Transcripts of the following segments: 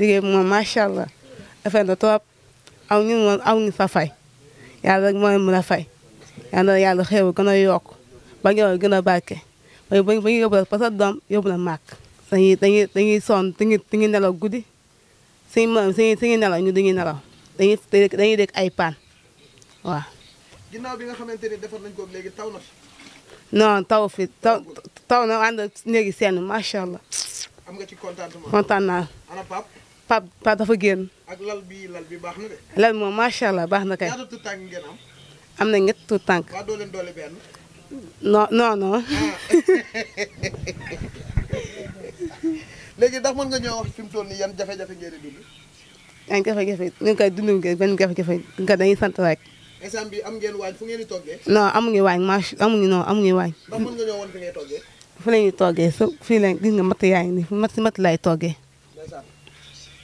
liggéey bi moom macha allah rafet na trop aw ñu moom aw ñu sa fay yàlla rek moo mën a fay yàlla yàlla xew gën a yokk ba ñëw gën a barke ba ba ñu yóbbu la parce que doom yóbbu la màkk dañuy dañuy dañuy sonn dañuy dañuy nelaw guddi suñu mën suñu suñu nelaw ñu dañuy nelaw dañuy dañuy dégg ay paan waaw. ginnaaw bi nga xamante ni defar nañ ko léegi taw na fi. non taw fi taw taw na ànd ak néegi seen macha allah. am nga ci contentement kontaan naa. ana Pape. pap pap dafa génn. ak lal bi lal bi baax na de. moom macha allah baax na kay. ñaata tuut tànk am. na ñett tuut tànk. waa doo no doole benn. non non ah. léegi ndax mën nga ñoo wax fi mu toll nii yan jafe-jafe ngeen di dund. yan jafe-jafe ñu ngi koy benn jafe-jafe nga dañuy sant rek. instant bi am ngeen waañ fu ngeen di toggee. non amuñu waañ marché amuñu non amuñu fu la ñuy toggee sa fii la gis nga mat yaa ngi nii matt matt laay toggee.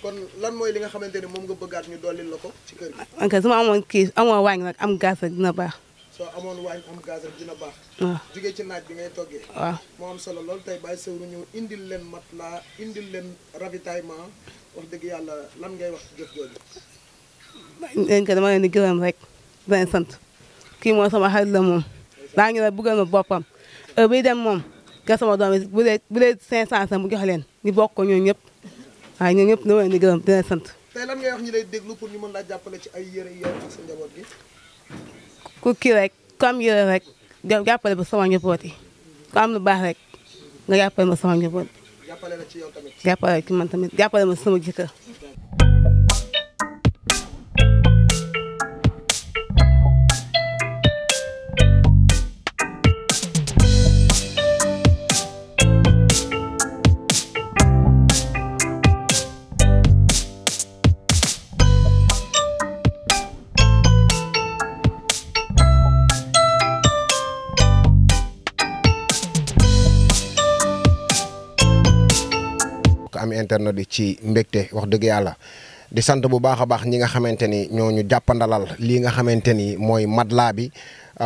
kon lan mooy li nga xamante ni moom nga bëggaat ñu dolli la ko ci kër gi. ok amoon kii amoo waañ nag am gaz dina baax. soo amoon waañ am gaz rek dina baax. waaw jugee ci naaj bi ngay toggee. waaw moo am solo lool tey bàyyi sëwru ñëw indil leen matelas indi leen ravitaillement wax dëgg yàlla lan ngay wax jëf jooju. leen ko dama leen di gërëm rek dinañ sant kii moom sama xarit la moom daa ngi la bëggal ma boppam heure bii dem moom nga sama doom bi bu dee bu dee mu jox leen ñu bokk ko ñooñu ñëpp. waaye ñoo ñëpp dama leen di gërëm di leen sant. tey lan ngay wax ñu lay mën laa jàppale ci ay yére yow ak sa rek ku am rek jàppale ba sama njaboot yi lu baax rek nga jàppale ma sama njaboot. jàppale la ci yow tamit. man tamit jàppale ma sama jëkkër. am internet yi ci mbégte wax dëgg yàlla di sant bu baax a baax ñi nga xamante ni ñoo ñu jàppandalal lii nga xamante ni mooy madla bi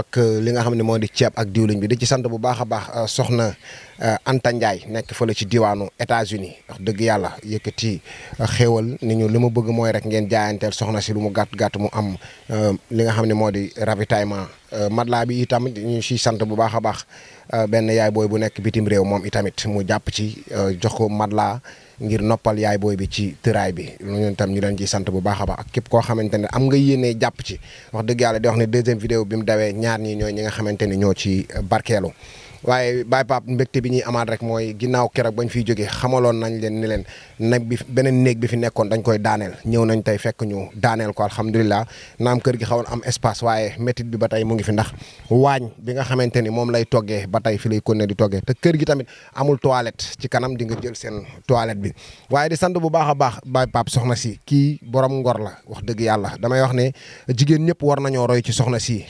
ak euh, li nga xam ne moo di ceeb ak diwlin bi di ci sant bu baax a baax euh, soxna euh, Anta Ndiaye nekk fële ci diwaanu États-Unis wax dëgg yàlla yëkkati xéewal ni ñu lu ma bëgg mooy rek ngeen jaayanteel soxna si lu mu gàtt gàtt mu am li nga xam ne moo di ravitaillement madla bi itamit ñu siy sant bu baax a baax benn yaay booy bu nekk bitim réew moom itamit mu jàpp ci jox ko madla ngir noppal yaay booy bi ci tëraay bi ñun tam ñu leen ciy sant bu baax a baax ak képp koo xamante ne am nga yéene jàpp ci wax dëgg yàlla di wax ne deuxième vidéo bi mu dawee ñaar ñi ñooy ñi nga xamante ne ñoo ci barkeelu waaye Baye Pape mbégte bi ñuy amaat rek mooy ginnaaw keroog bañ fiy jógee xamaloon nañ leen ni leen nag bi beneen néeg bi fi nekkoon dañ koy daaneel ñëw nañ tey fekk ñu daaneel ko alhamdulilah naam kër gi xawoon am espace waaye métit bi ba tey mu ngi fi ndax waañ bi nga xamante ni moom lay toggee ba tey fi lay continuer di toggee te kër gi tamit amul toilette ci kanam di nga jël seen toilette bi waaye di sant bu baax a baax Baye Pape soxna si kii borom ngor la wax dëgg yàlla damay wax ne jigéen ñëpp war nañoo roy ci soxna si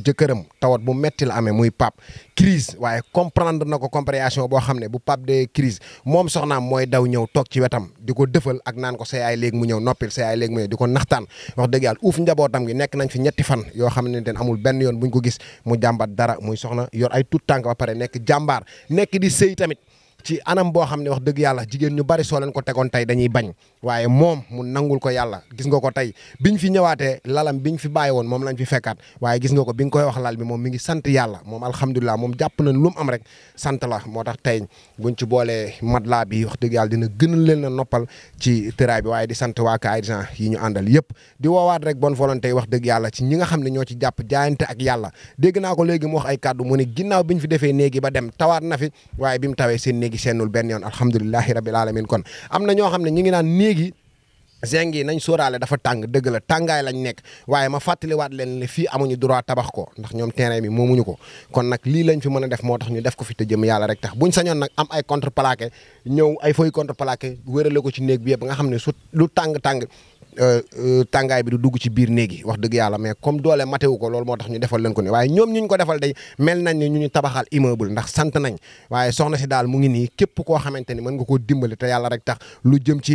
jëkkëram tawat bu metti la amee muy pap crise waaye comprendre na ko compréhension boo xam ne bu pap dee crise moom soxnaam mooy daw ñëw toog ci wetam di ko dëfal ak naan ko se ay léegi mu ñëw noppil sa ay léegi mu ñëw di ko naxtaan wax dëgg yàlla uuf njabootam gi nekk nañ fi ñetti fan yoo xam ne den amul benn yoon buñ ko gis mu jàmbat dara muy soxna yor ay tout tànk ba pare nekk jàmbaar nekk di sëy tamit ci anam bo xamne wax deug yalla jigen ñu bari so leen ko tegon tay dañuy bañ waye mom mu nangul ko yalla gis nga ko tay biñ fi ñewate lalam biñ fi bàyyi mom moom lañ fi fekkat waye gis nga ko biñ koy wax lal bi mom mi ngi sant yalla mom alhamdulilah mom japp nañ lu mu am rek sante la motax tay buñ ci boolee matelas bi wax deug yalla dina gënal leen na noppal ci bi waye di sante wa Ka Argent yi ñu andal yëpp di wowaat rek bonne volonté wax deug yalla ci ñi nga xamne ño ci japp jaayante ak yalla dégg na ko legi mu wax ay cadeau mu ne ginnaw biñ fi defé neegi ba dem tawat na fi waye bimu tawé seen gi sennul benn yoon alhamdulilahi rabil alamin kon am na ñoo xam ne ñu ngi naan néegi zinc yi nañ sooraale dafa tàng dëgg la tàngaay lañ nekk waaye ma fàttaliwaat leen fii amuñu droit tabax ko ndax ñoom terrain bi moomuñu ko kon nag lii lañ fi mën a def moo tax ñu def ko fi te jëm yàlla rek tax buñ sañoon nag am ay contre contreplaqué ñëw ay contre contreplaqué wërale ko ci néeg bi yëpp nga xam ne su lu tàng-tàng Euh, euh, tàngaay bi du dugg ci biir néegi wax dëgg yàlla mais comme doole matewu ko loolu moo tax ñu defal leen ko ne waaye ñoom ñu ñu ko defal day mel nañ ne ñu ñu tabaxal immeuble ndax sant nañ waaye soxna si daal mu ngi nii képp koo xamante ni mën nga koo dimbali te yàlla rek tax lu jëm ci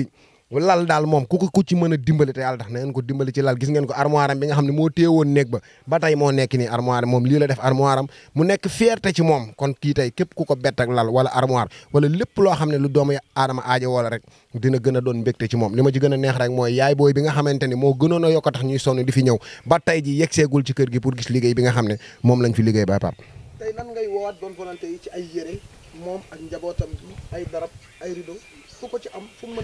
lal daal moom ku ko ku ci mën a dimbali te yàlla tax na ko dimbali ci lal gis ngeen ko armoire am bi nga xam ne moo téye woon néeg ba ba tey moo nekk nii armoire moom lii la def armoire wala armoire wala lépp loo xam ne lu doomu aadama aajo wala rek dina gën a doon mbégte ci li ma ci gën neex rek mooy yaay booy moo gënoon a yokk tax ñuy sonn di fi ñëw ba tey ji yeggseegul ci kër gi pour gis liggéey bi nga xam ne moom lañ fi liggéey ba pap ay yére moom ak njabootam ci am fu mu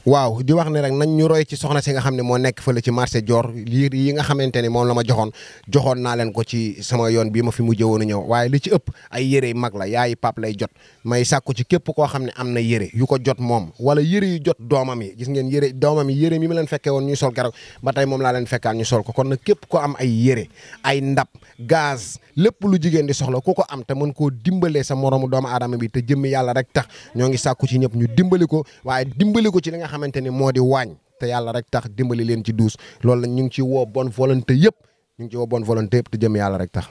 waaw di wax ne rek nañ ñu roy ci soxna si nga xam ne moo nekk fa la ci marché Dior lii yi nga xamante ni moom la ma joxoon joxoon naa leen ko ci sama yoon bii ma fi mujjee woon a ñëw waaye li ci ëpp ay yére mag la yaay pap lay jot may sàkku ci képp koo xam ne am na yére yu ko jot moom wala yére yu jot doomam yi gis ngeen yére doomam yi yére mi ma leen fekkee woon ñuy sol keroog ba tey moom laa leen ñu sol ko kon nag képp ko am ay yére ay ndab gaz lépp lu jigéen di soxla ku ko am te mën koo dimbalee sa moroomu doomu aadama bi te jëmmi yàlla rek tax ñoo ngi sàkku ci ñëpp ñu dimbali ko waaye dimbali ko ci li nga xam xamante ni moo di waañ te yàlla rek tax dimbali leen ci duus loolu la ñu ngi ci woo bonne volonté yëpp ñu ngi ci woo bonne volonté yëpp te jëm yàlla rek tax